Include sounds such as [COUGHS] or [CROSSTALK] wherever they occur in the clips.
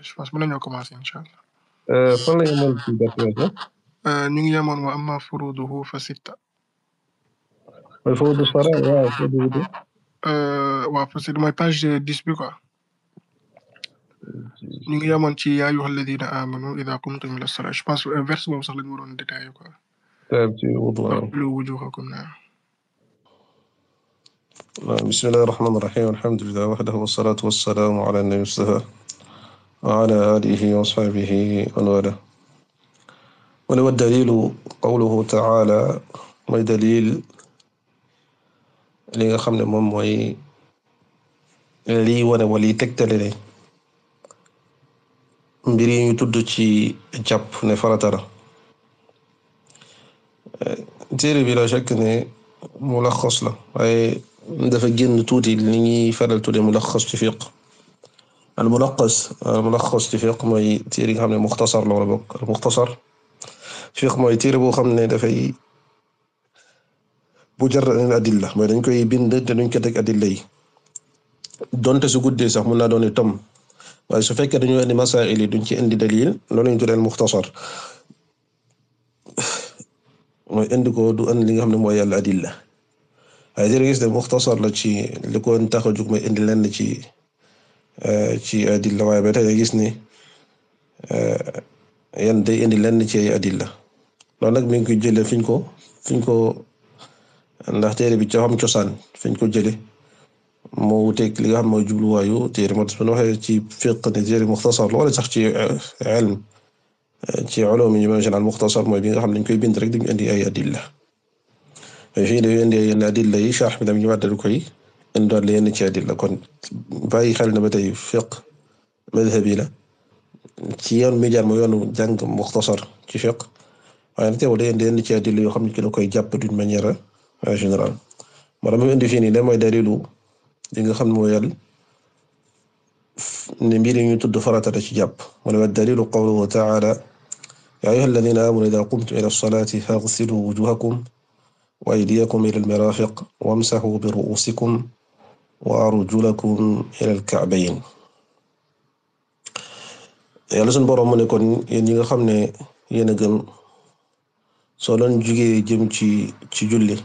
je pense mën nañoo commencé incha allah. Euh, fan la ñu amoon ci gerte ñu ngi yemoon wa amma furuduhu fa sitta. wala furudu sara waaw furudu wudu. Euh, waaw parce que mooy page dix bi quoi. ñu ngi yemoon ci yaa ayyuha alladina amanu ida qumtum ila sala je pense euh, verse boobu sax la ñu waroon détaillé quoi. ci wudu waaw lu wujuhakum naa. bismillahi rahmani rahim alhamdulilah wahdahu wassalatu wassalamu ala nabi wa ala alihi wa sahbihi wa man waalaahu mu ne wa dalilu qawluhu ta'ala mooy dalil li nga xam ne moom mooy lii wane wali tegtale ne mbir yi ñu tudd ci jàpp ne farata la téere bi la shakk ne mulaxas la waaye dafa génn tuuti li ñuy faral tudde mulaxas ci fiqh al-Mulaqqas al-Mulaqqas ci fiqh mooy téere nga xam ne muxtasar la wala boog al-muxtasar fiqh mooy téere boo xam ne dafay mujarrad adilla mooy dañ koy bind te duñ ko teg adilla yi donte su sax mën naa doon tom waaye su fekkee dañoo indi masaa'il yi duñ ci indi dalil loolu ñu tuddee al-muxtasar mooy indi ko du indi li nga xam ne mooy al-adilla waaye téere gis ne muxtasar la ci li ko tax a jug mooy indi lenn ci. Eh, ci ay adilla waaye ba tey gis ni eh, yan day indi lenn ci ay adilla loolu nag mi ngi koy jële fiñ ko fiñ ko ndax téere bi ca xam cosaan fiñ ko jëlee moo wuteeg li xam mooy jubluwaayu tere moo tax waxee ci fiqh ne téere muxtasar wala sax ci eh, ilm ci ulum yi ma général muxtasar mooy bi nga xam dañ koy bind rek dañu indi ay adilla fii dañuy indi ay adilla yi sharh bi dam ñu wàddalu koy indi doon la yenn ci adilla kon bàyyi xel na ba tey fiq madhabi la ci yoon mi jaar mooy yoonu jàng muxtasar ci fiq waaye nag teewul day indi yenn ci adilla yoo xam ne ci la koy jàpp d'une manière euh, générale moo tax mu indi fii nii da mooy dalilu li nga xam ne mooy yàlla ne mbir yi ñu tudd farata la ci jàpp mu ne wa dalilu qawluhu ta'ala yaa ayyuha alladhina amanu idha qumtum ila as-salati faghsilu wujuhakum wa aydiyakum ila al-marafiq wamsahu bi ru'usikum wa arjulakum ilal ka'bayn yàlla sunu boroom mu ne kon yéen ñi nga xam ne yéen a gëm soo leen jugee jëm ci ci julli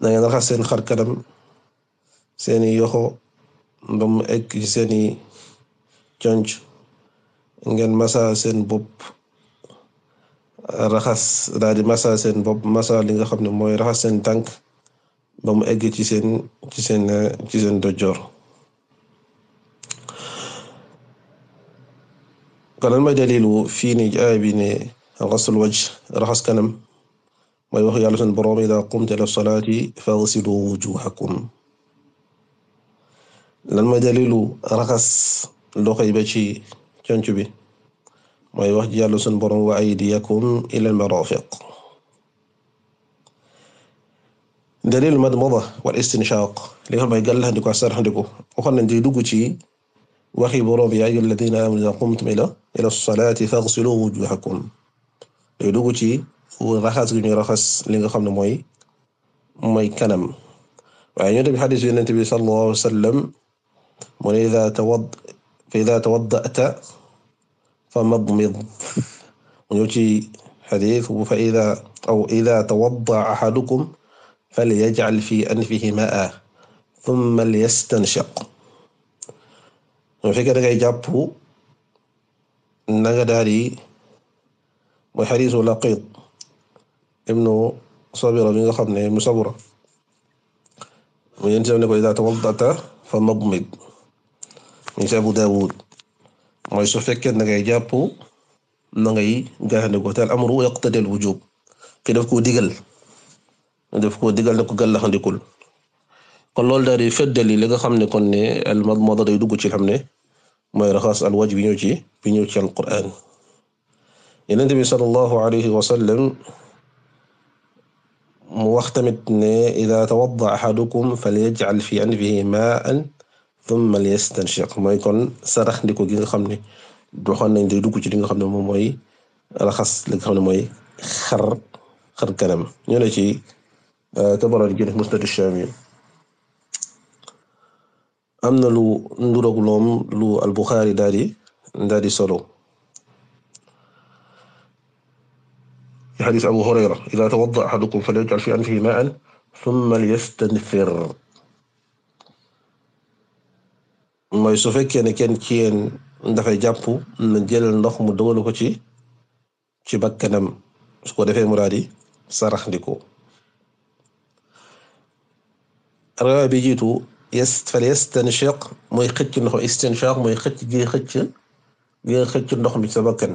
da raxas seen xar kanam seeni yoxo ba mu egg seeni conc ngeen masa seen bopp raxas daal di masa seen bopp masa li nga xam ne mooy raxas seen tànk ba mu egg ci seen ci seen ci seen dojoor kanan ma dalilu fii ni aay bi ne xasul waj raxas kanam mooy wax yàlla seen boroom ida qumta ila fa faghsilu wujuhakum lan ma dalilu raxas loxo yi ba ci conc bi mooy wax ji yàlla sun borom wa aydiyakum ila al marafiq dalil madmada wal istinshaq li nga xam ne gàllandiku ak saraxandiku waxoon nañ di dugg ci waxi boroom yaa ayyuhal ladina amanu idha qumtum ila ila as-salati faghsilu wujuhakum day dugg ci raxas gi ñuy raxas li nga xam ne mooy mooy kanam waaye ñoo tamit xadiis Yonent bi sallallahu alayhi wa sallam mu ne idha tawad fa idha tawadda'ta famadmid mu ñëw ci xadiis bu fa idha aw idha tawadda'a ahadukum falyaj'al fii anfihi maa'an thumma lyastanshaq bu fekkee dangay jàpp nanga daal di mooy xariisu Laqiit ibnu Sabira bi nga xam ne ibnu Sabira mu yéen ne ko idaa tawadda'ta fa madmid min Abu Daawuud mooy su fekkee dangay jàpp na ngay gaxandiku te al amru yaqtadi al wujub ki daf ko digal daf ko digal ne ko gàllaxandikul kon loolu daal di feddali li nga xam ne kon ne al madmada day dugg ci xam ne mooy raxas al waj bi ñëw ci bi ñëw ci al Qur'aan Yonent bi sallallahu alayhi wa sallam mu wax tamit ne ida tawadda ahadukum falyaj'al fi anfihi ma'an thumma liyastanshiq mooy kon sarax ndiko gi xam ne doxoon nañ day dugg ci li nga xam ne moom mooy raxas li xam ne mooy xar xar kanam ñu ne ci Tabarani def Musnad Shaami am na lu nduroog loom lu Al-Bukhari daal di daal di solo ci xadiis Abu Hurayra idaa tawadda'a ahadukum falyaj'al fii anfihi maa'an summa liyastanthir mooy su fekkee ne kenn ci yéen dafay jàpp na jël ndox mu dogalu ko ci ci bakkanam su ko defee mu daal di sarax raa bi jiitu yes falyastanshiq mooy xëcc ndox istinshaq mooy xëcc gi xëcc gi xëcc ndox mi sa bakkan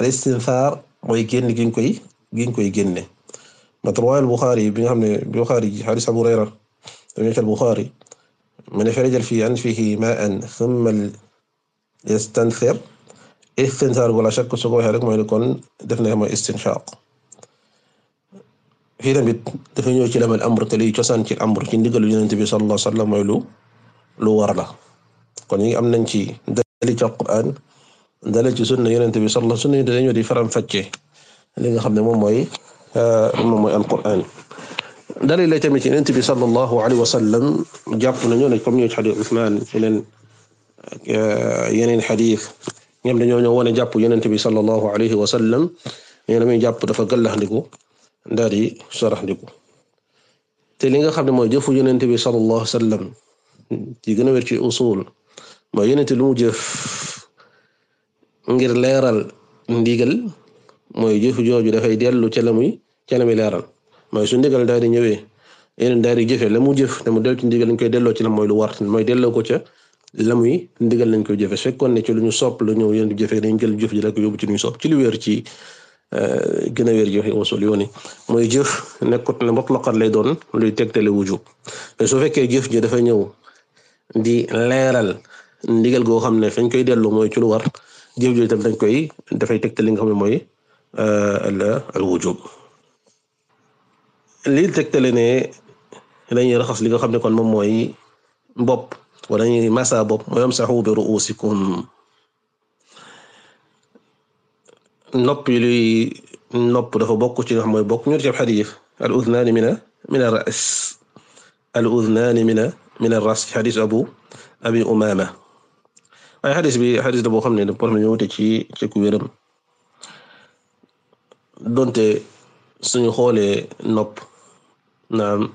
al istinthar mooy génn gi nga koy gi nga koy génne matrowa al Bukhari bi nga xam ne Bukhari hadis Abu Hurayra tamit al Bukhari man faraj fi anfihi ma'an thumma yastanthir istinthar wala shakk su ko waxee rek mooy kon def na mooy istinshaq fii tamit dafa ñëw ci lamal amr te liy cosaan ci amr ci ndigalu yonent bi sallallahu alayhi wa sallam mooy lu lu war la kon ñi am nañ ci dali ci alquran dali ci sunna yonent bi sallallahu sunna yi dañoo di faram fàccee li nga xam ne moom mooy euh, moom mooy alquran dali la tamit ci yonent bi sallallahu alayhi wa sallam jàpp nañu ne comme ñëw ci xadis Usmaan euh, yeneen yeneen xadis ñoom dañoo ñëw wane jàpp yonent bi sallallahu alayhi wa sallam ñoo damay jàpp dafa gàllaxndiku daal di saraxndiku te li nga xam ne mooy jëfu yonent bi sallallahu alayhi wa sallam ci gën a wér ci usul mooy yonent lu mu jëf ngir leeral ndigal mooy jëfu jooju dafay dellu ca la muy ca la muy leeral mooy su ndigal daal di ñëwee yeneen daal di jëfe la mu jëf te mu dellu ci ndigal koy delloo ci la mooy lu war mooy delloo ko ca la muy ndigal lañ koy jëfe su fekkoon ne ci lu ñu sopp la ñëw yonent jëfe dañ jël jëf ji la ko ci lu ñu sopp ci lu wér ci gën a wér joxe usul mooy jëf nekkut ne mutlaqan lay doon luy tegtale wujub mais soo fekkee jëf ji dafa ñëw di leeral ndigal goo xam ne fañ koy dellu mooy ci lu war jëf ji itam dañ koy dafay tegtale li nga xam ne mooy euh, al wujub li tegtale ne dañuy raxas li nga xam ne kon moom mooy bopp wala ñuy masa bopp mooy amsahu bi ru'usikum nopp yi luy nopp dafa bokk ci nga xam mooy bokk ñu ci xadiis al udnaani mina mina ras al udnaani mina mina ras ci abu abi umaama waaye xadiis bi xadiis da boo xam ne da por ñu wute ci ci ku wéram donte suñu xoolee nopp naam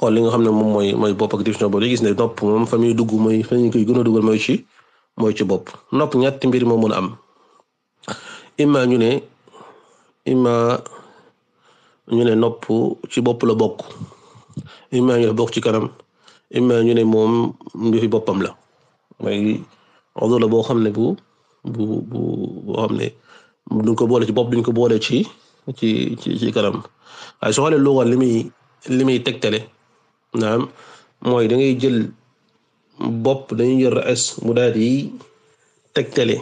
xool li nga xam ne moom mooy mooy bopp ak définition boobu gis ne nopp moom fa dugg mooy fa koy gën a dugal mooy ci mooy ci bopp nopp ñetti mbir moo mën a am imma ñu ne imma ñu ne nopp ci bopp la bokk imma ñu ne bokk ci kanam imma ñu ne moom mbifi boppam la mooy odo la boo xam ne bu bu bu xam ne duñ ko boole ci bopp duñ ko boole ci ci ci ci kanam waaye soo xoolee luga li muy li muy tegtale naam mooy dangay jël bopp dañuy jël ras mu daal di tegtale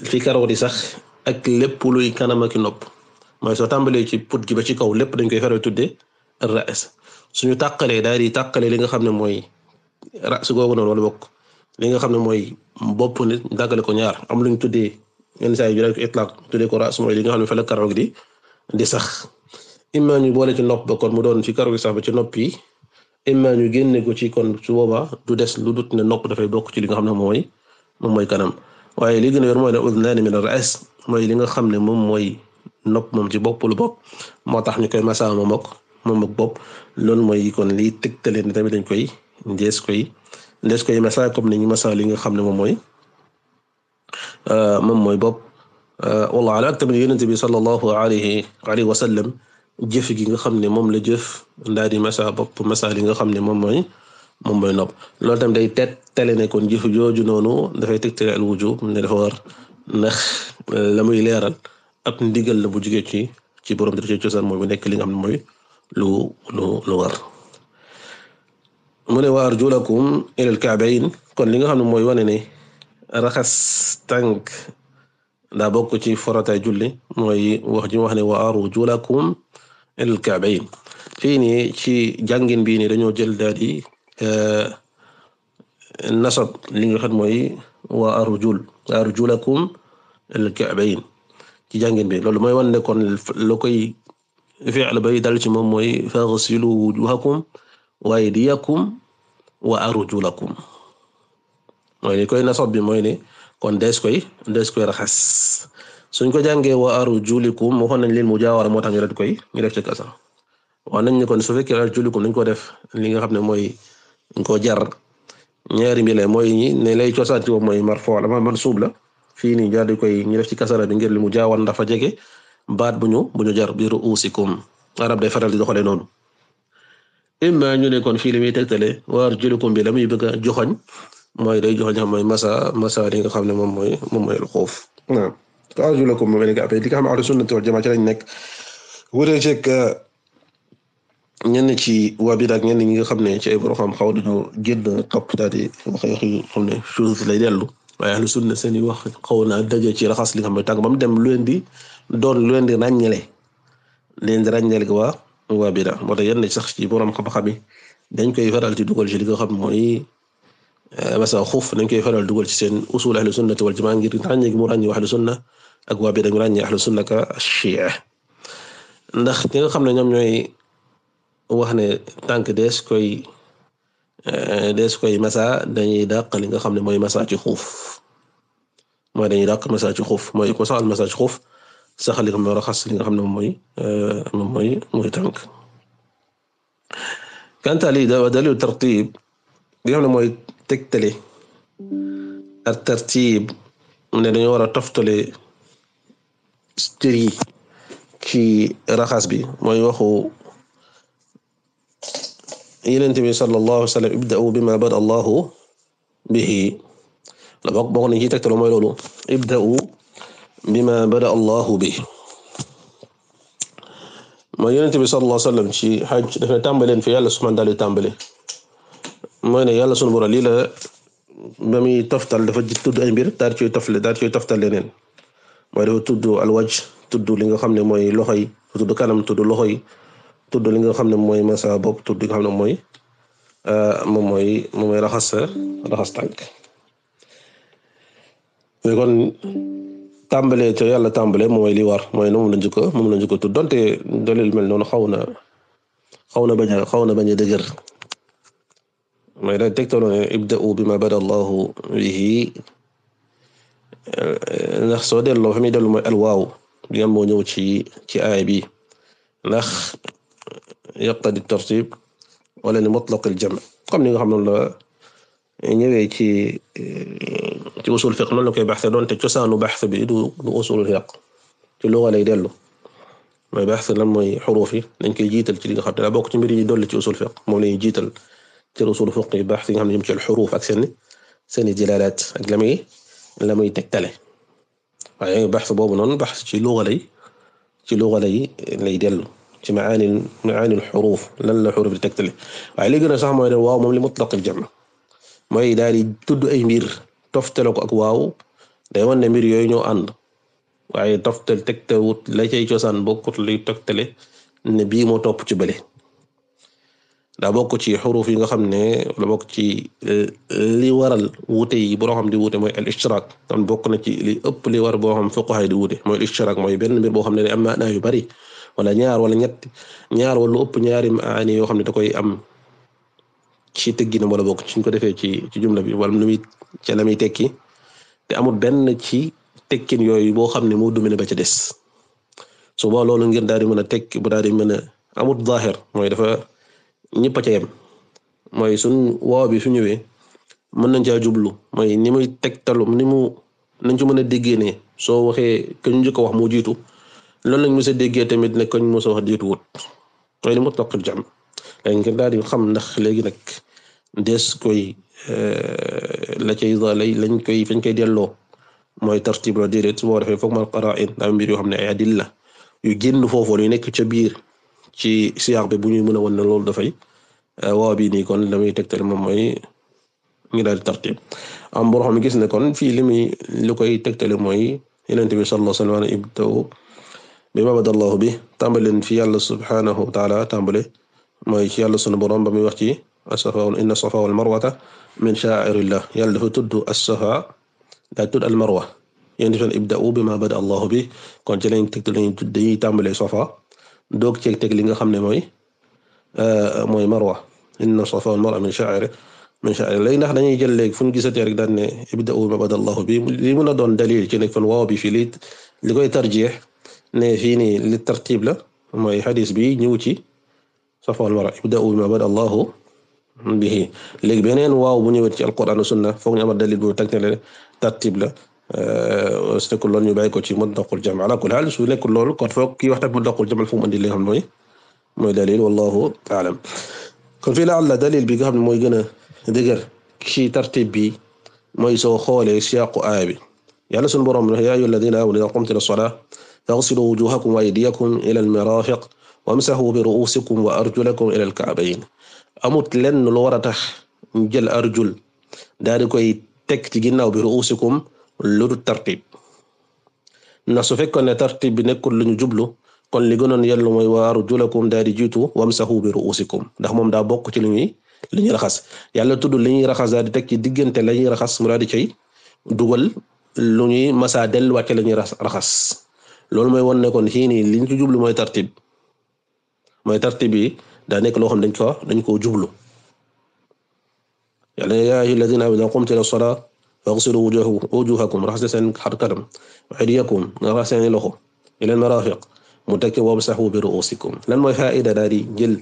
fi karaw di sax ak lépp luy kanam ak nopp mooy soo tàmbalee ci put gi ba ci kaw lépp dañ koy faral tuddee ra's suñu tàqalee daal di tàqalee li nga xam ne mooy ra's googu noonu wala bokk li nga xam ne mooy bopp nit dàggale ko ñaar am luñ tuddee yenn saa yi ñu ko itlaq tuddee ko ra's mooy li nga xam ne fa la karaw gi di di sax imma ñu boole ci nopp ba kon mu doon fi karaw gi sax ba ci nopp yi imma ñu génne ko ci kon su boobaa du des lu dut ne nopp dafay bokk ci li nga xam ne mooy moom mooy kanam waaye li gën a yor mooy ne li nga xam ne moom mooy nopp moom ci bopp lu bopp moo tax ñu koy masaa moom ak moom ak bopp loolu mooy kon lii tegtale ne tamit dañ koy ndees koy ndees koy masaa kom ni ñu masaa li nga xam ne moom mooy euh, moom mooy bopp euh, wallahu ala ak tamit yonent bi sallallahu alayhi alayhi wa sallam jëf gi nga xam ne moom la jëf ndaa di masaa bopp masaa li nga xam ne moom mooy moom mooy nopp lool tamit day tet tele ne kon jëf jooju noonu dafay tegtale al wujub ne dafa war ndax euh, la muy leeral ab ndigal la bu jugee ci ci borom def ci cosaan mooy bu nekk li nga xam ne lu lu war. mu ne wa arjulakum ilal ka'bayn kon li nga xam ne mooy wane ne raxas tànk daa bokk ci farataay julli mooy wax ji wax ne wa arjulakum ilal ka'bayn fii nii ci jàngin bii nii dañoo jël daal di. Euh, nasab li wa xam mooy wa arjul arjulakum a kabayn ci jàngin bi loolu mooy wan ne kon la koy fi'l bay dal ci moom mooy faghsilu wujuhakum wa aydiyakum wa arjulakum mooy ni koy nasab bi mooy ne kon des koy des koy raxas suñ ko jàngee wa arjulikum waxoon nañ leen mujaawara moo tax ñu def koy ñu def ci kasa wax nañ ne kon su fekkee arjulikum dañ ko def li nga xam ne mooy dañ koo jar ñaari mbir la mooy ñi ne lay cosaan ci moom mooy marfo la ma mansub la fii nii jaar di koy ñu def ci kasara bi ngir li mu jaawal ndax fa jege baat bu ñu bu ñu jar bi ruusikum arab day faral di doxale noonu. imma ñu ne kon fii li muy tegtale wa arjulukum bi la muy bëgg a joxoñ mooy day joxoñ xam mooy masa masa li nga xam ne moom mooy moom mooy alxuuf naam arjulakum moom la nga appelé li nga xam ne ahlu sunnati wal jamaa ci nekk euh, ñenn ci waa bi daal ñenn xam ne ci ay borom xam xaw nañoo génn topp daal di wax wax yu xam ne seen i wax xaw naa daje ci raxas li nga xam ne tànk ba mu dem lu leen di doon lu leen di ràññale leen di ràññale gi waa waa bi daal moo tax yenn sax ci borom xam-xam yi dañ koy faral di dugal ci li nga xam mooy eh, masa xuuf nañ koy faral dugal ci seen usul ahlu sunna wal jamaa ngir ràññee gi mu ràññee ahlu sunna ak waa bi dañu ràññee ahlu sunna ka Shia ndax ñi nga xam wax ne tànk dees koy euh, dees koy masa dañuy dàq li nga xam ne mooy masa xuuf mooy dañuy dàq masa ci xuuf mooy ko saxal masa xuuf saxal li nga xam ne raxas li nga xam ne moom mooy euh, moom mooy mooy tànk kanta lii da dalilu tartib li nga xam ne mooy tegtale ak tartib ne dañoo war a toftale cër yi raxas bi mooy waxu Yonent bi sallallahu alayhi wa sallam ibda'u bima bada Allahu bihi la bokk bokk nañ ci tegtal mooy loolu ibda'u bima bada Allahu bihi mooy Yonent bi sallallahu alayhi wa sallam ci xaj dafa tàmbaleen fi yàlla subhaanahu wa ta'aala tàmbale mooy ne yàlla sunu boroom lii la ba muy toftal dafa tudd ay mbir daal ci toftal daal ci toftal leneen mooy dafa tudd alwaj tudd li nga xam ne mooy loxo yi tudd kanam tudd loxo yi tudd li nga xam ne mooy masa bopp tudd li nga xam ne mooy euh, moom mooy raxas raxas tànk kon tàmbalee ca yàlla tàmbalee mooy li war mooy moom la njëkk moom la njëkk tudd donte dalil mel noonu xaw na xaw na bañ a xaw na bañ a dëgër mooy day tegtaloo bada Allahu bihi euh, ndax soo delloo fa muy dellu mooy alwaaw bi moo ñëw ci ci aay bi ndax yaqtadi tartib wala li mutlaq al jam' comme ni nga xam noonu la ñëwee ci ci usul fiqh noonu la koy baxte doonte cosaanu baxte bi du du usul fiqh ci luga lay dellu mooy baxte lan mooy xuruuf yi dañ koy jiital ci li nga xam ne daa bokk ci mbir yi dolli ci usul fiqh moom lañuy jiital ci usul fiqh yi baxte yi nga xam ne jëm ci xuruuf ak seeni seeni dilalaat ak la muy la muy tegtale waaye baxte boobu noonu baxte ci luga lay ci luga lay lay dellu ci maani maani xuruuf lan la xuruuf di tegtale waaye a sax mooy ne waaw moom li mutlaq al jam mooy daal di tudd ay mbir toftale ko ak waaw day wan ne mbir yooyu ñoo ànd waaye toftal tegtewut la cay cosaan bokkut luy tegtale ne bii moo topp ci bële daa bokk ci xuruuf yi nga xam ne wala bokk ci eh, li waral wuute yi boo xam di wuute mooy al ishtiraak tan bokk na ci li ëpp li war boo xam fuqaha di wuute mooy al ishtiraak mooy benn mbir boo xam ne am maanaa yu bari wala ñaar wala ñett ñaar wala ëpp ñaari maani yoo xam ne da koy am ci tëgginam wala bokk suñ ko defee ci ci jumla bi wala lu muy ca la muy tekki te amul benn ci tekkin yooyu boo xam ne moo domine ba ca des su boobaa loolu ngir daal di mën a tekki bu daal di mën a amul zaahir mooy dafa ñëpp a ca yem mooy suñ waaw bi su ñëwee mën nañ caa jublu mooy ni muy tegtalu ni mu nañ ci mën a déggee soo waxee ka ñu wax moo jiitu. loolu lañ mos a déggee tamit ne koñ mos a wax diitu wut mooy li mu toqal jam léegi xam ndax léegi nag des koy euh, la cay zalay lañ koy fañ koy delloo mooy tartib la su boo defee foog mal qara'in yoo xam ne ay adilla yu génn foofu yu nekk ca biir ci siyaax bu ñuy mën a won ne loolu dafay euh, waaw bii nii kon damay tegtal moom mooy ngi daal di am boo xam ne gis ne kon fii li muy lu koy tegtale mooy Yonent bi sallallahu alayhi wa sallam bi ma badallahu bi tàmbaleen fi yàlla subhaanahu wa taala tàmbale mooy ci yàlla sunu borom ba muy wax ci as-safa inna as-safa wal marwata dafa tudd as-safa daa tudd al-marwa yéen defen ibda'u bi ma bada allahu bi kon ci lañ teg lañ tudd dañuy tàmbalee safa doog ceeg li nga xam ne mooy euh, mooy marwa inna safa wal marwa min sha'air min sha'air léegi ndax dañuy jël léegi fu ñu gisatee rek daan ne ibda'u bi ma bada allahu bi li mën doon dalil ci nekk fan waaw bi fii li li koy tarjeex ne fii nii li tartib la mooy xadis bi ñëw ci safwal mara ibda'u bima bada allahu bihi léegi beneen waaw bu ñëwet ci alquran wa sunna foog ñu amal dalil bu tagtele tartib la euh, su nekkul loolu ñu bàyyi ko ci mutlaqul jam ala kulli su nekkul loolu kon foog kii wax tamit mutlaqul jam fu mu andi li nga xam mooy mooy dalil wallahu a'lam kon fii la dalil bi nga xam ne mooy gën a dëgër tartib bi mooy soo xoolee siyaaqu aaya bi yàlla sunu borom ya ayyuha alladhina amanu idha qumtum ila as فاغسلوا وجوهكم وأيديكم إلى المرافق wamsahu bi ru'usikum wa arjulakum ila al-ka'bayn amut lenn lu war a tax ñu jël arjul daal di koy teg ci ginnaaw bi ru'usikum lu du tartib na su fekkoon ne tartib bi nekkul lu ñu jublu kon li gënoon yellu mooy wa arjulakum daal di jiitu wamsahu bi ru'usikum ndax moom daa bokk ci li li ñuy raxas yàlla tudd li ñuy raxas daal di teg ci diggante la raxas mu daal di cay dugal lu ñuy masaa delluwaat ci la ñuy raxas loolu mooy wan ne kon fii nii liñ ci jublu mooy tartib mooy tartib yi daa nekk loo dañ ko dañ koo jublu yàlla yaa a alladhina amanu idha qumtum ila as-salati faghsilu wujuhakum raxas seen xar kanam wa aydiyakum loxo ila al-marafiq mu teg ci wamsahu bi ru'usikum lan mooy faida daa di jël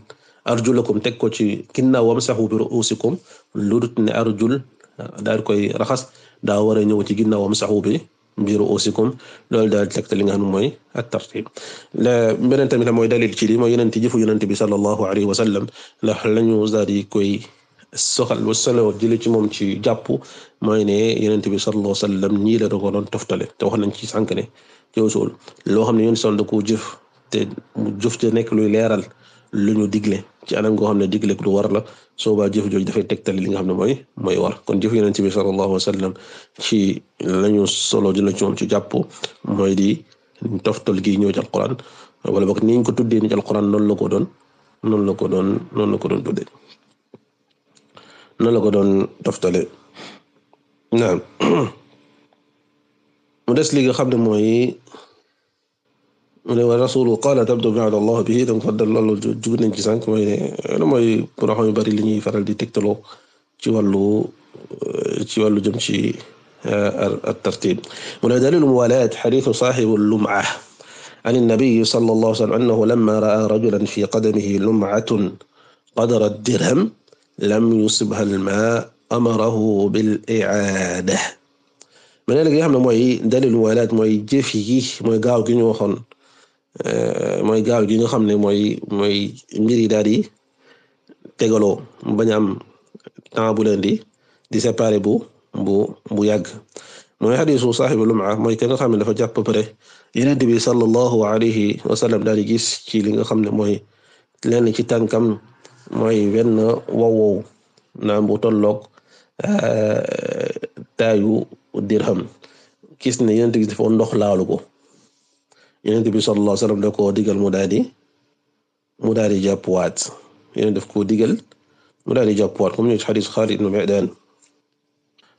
arjulakum teg ko ci ginnaaw wamsahu bi ru'usikum lu dut ne arjul daal koy raxas daa war a ñëw ci ginnaaw wamsahu bi bi ru'usikum loolu daal di tegtal li nga xam mooy at-tartib la beneen tamit mooy dalil ci li mooy yonent jëfu yonent bi sallallahu alayhi wa sallam la lañu daal di koy soxal wa solo jële ci moom ci jàpp mooy ne yonent bi sallallahu alayhi wa sallam ñii la doon ko doon toftale te wax nañ ci sànq ne ci loo xam ne yoon sol da koo jëf te mu jëf nekk luy leeral. lu ñu digle ci anam goo xam ne digle lu war la soobaa jëf jooju dafay tegtali li nga xam ne mooy mooy war kon jëf yonent bi sallallahu alayhi wa sallam ci lañu solo jëla ci moom ci jàpp mooy di toftal gi ñëw ci alquran wala boog niñ ko tuddee ni ci alquran noonu la ko doon noonu la ko doon noonu la ko doon tuddee noonu la ko doon toftale naam [COUGHS] mu des xam ne mooy mu ne wa rasulu qaala tabdu bi Allah bi donc fa loolu jug nañ ci sànq mooy ne mooy borom yu bari li ñuy faral di tegtaloo ci wàllu euh, ci wàllu jëm ci euh, at-tartiib mu ne daliilu muwaalaat hadiisu saahibi lum'a an an-nabii sallallahu alayhi wa sallam annahu lammaa ra'aa rajulan fii qadamihi lum'atun qadra ad-dirham lam yusibha al-maa amarahu bil-i'aada mu ne li nga xam ne mooy daliilu muwaalaat mooy jëf yi mooy gaaw gi ñu waxoon Euh, mooy gaaw gi nga xam ne mooy mooy mbir yi daal di tegaloo mu bañ am temps bu leen di di séparé bu bu bu yàgg mooy xadiisu saaxibu lumca mooy ka xam ne dafa jàpp ba pare yonent bi sallallahu alayhi wa daal di gis ci li nga xam ne mooy lenn ci tànkam mooy wenn wow wow naam bu tolloog euh, taayu dirham gis ne yonent bi dafa ndox laalu ko. Yonent bi sallallahu alayhi wasallam da koo digal mu daal di mu daal di jàpp digal mu daal di jàpp waat comme ni ci xadiis Xaalid ibn Mi'daan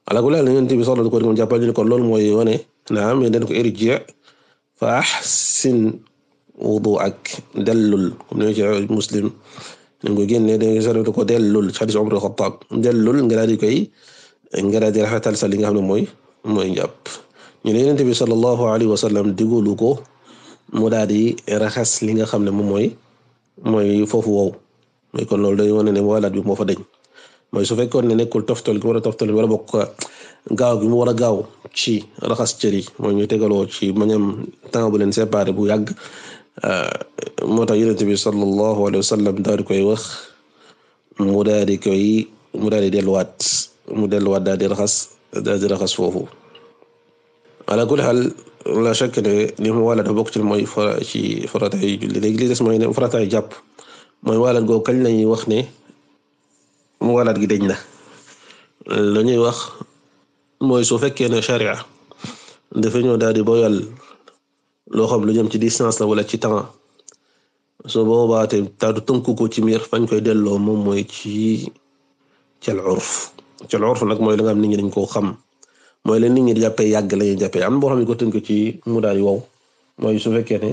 ala kulli haal Yonent bi sallallahu jàppal ñu ko loolu mooy wane naam yéen dañ ko irji' fa ahsin wudu'ak dellul comme ni ci Muslim dañ ko génne dañ ko ko dellul ci xadiis Umar ibn Xattaab dellul nga daal di koy nga daal di rafetal sa li nga xam ne mooy mooy njàpp ñu ne Yonent bi ko mu daal di raxas li nga xam ne moom mooy mooy foofu wow mooy kon loolu day wane ne walaat bi moo fa deñ mooy su fekkoon ne nekkul toftal gi war a toftal wala bokk gaaw gi mu war a gaaw ci raxas cër yi mooy ñu tegaloo ci maanaam temps bu leen séparé bu yàgg euh, moo tax yonent bi sallallahu alayhi wa sallam daal di koy wax mu daal di koy mu daal di delluwaat mu delluwaat daal di raxas daal di raxas foofu. ala kulli xaal la chaque ne ni mu wàlla dafa bokk ci mooy fara ci farataay julli léegi mooy ne farataay jàpp mooy wàllaat goo kañ lañuy wax ne mu wàllaat gi deñ na la ñuy wax mooy soo fekkee ne charia dafa ñëw daal di boyal loo xam lu jëm ci distance la wala ci temps soo boobaa te taadu tënku ko ci miir fañ koy delloo moom mooy ci cal urf cal urf nag mooy la nga ni nit ñi dañ koo xam mooy leen nit ñi jàppee yàgg lañuy ñuy jàppee am na boo xam ne ko tënk ci mu daal di wow mooy su fekkee ne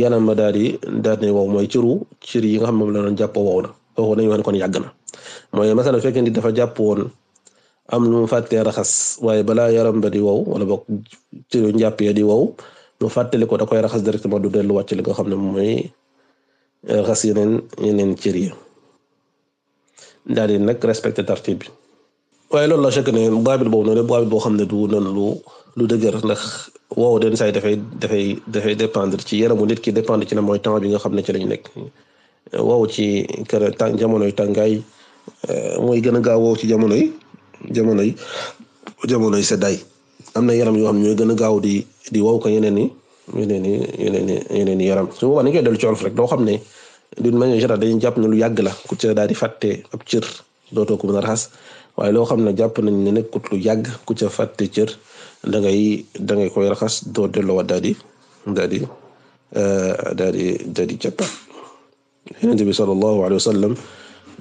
yanam ma daal di daal di wow mooy ciru cir yi nga xam moom la doon jàpp wow na kooku dañu ne kon yàgg na mooy masalan fekkee ni dafa jàpp woon am lu mu fàttee raxas waaye balaa yaram ba di wow wala boog ciru njàppee di wow mu fàttali ko da koy raxas directement du dellu wàcc li nga xam ne mooy eh, raxas yeneen yeneen cir yi daal di nag respecté tartib bi waaye loolu la je ne baabil boobu noonu baabil boo xam ne du noonu lu lu dëgër ndax wow den saay dafay dafay dafay dépendre ci yaramu nit ki dépendre ci na mooy temps bi nga xam ne ci nekk wow ci kër tàng jamonoy tàngaay euh, mooy gën a gaaw wow ci jamonoy jamonoy jamonoy seddaay am na yaram yoo xam ne ñooy gën a gaaw di di wow ko yeneen ni yeneen ni yeneen ni yeneen ni yaram su boobaa dañ koy dellu ci olof rek loo xam ne d'une manière générale dañ jàpp ne lu yàgg la ku ca daal di fàtte ab cër dootoo ko mën a raxas waaye loo xam na jàpp nañ ne nekkut lu yàgg ku ca fàtte cër da ngay da koy raxas doo delloo daal di daal di bi sallallahu alayhi wa sallam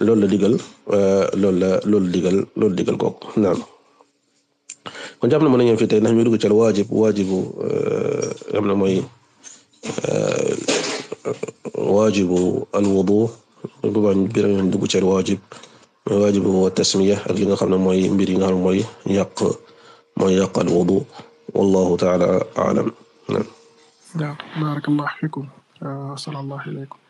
loolu la digal euh, loolu la loolu digal loolu digal kooku naam kon jàpp na mën nañu fi tey ndax ñu dugg ci waajib waajibu euh, am na mooy euh, waajibu al wudu bu baax ñu dugg ci waajib mooy waajibu wa tasmiya ak li nga xam ne mooy mbir yi nga xam ne mooy yàq mooy yàq al wudu wallahu taala aalam. Barakallahu fikum wa sallallahu alaykum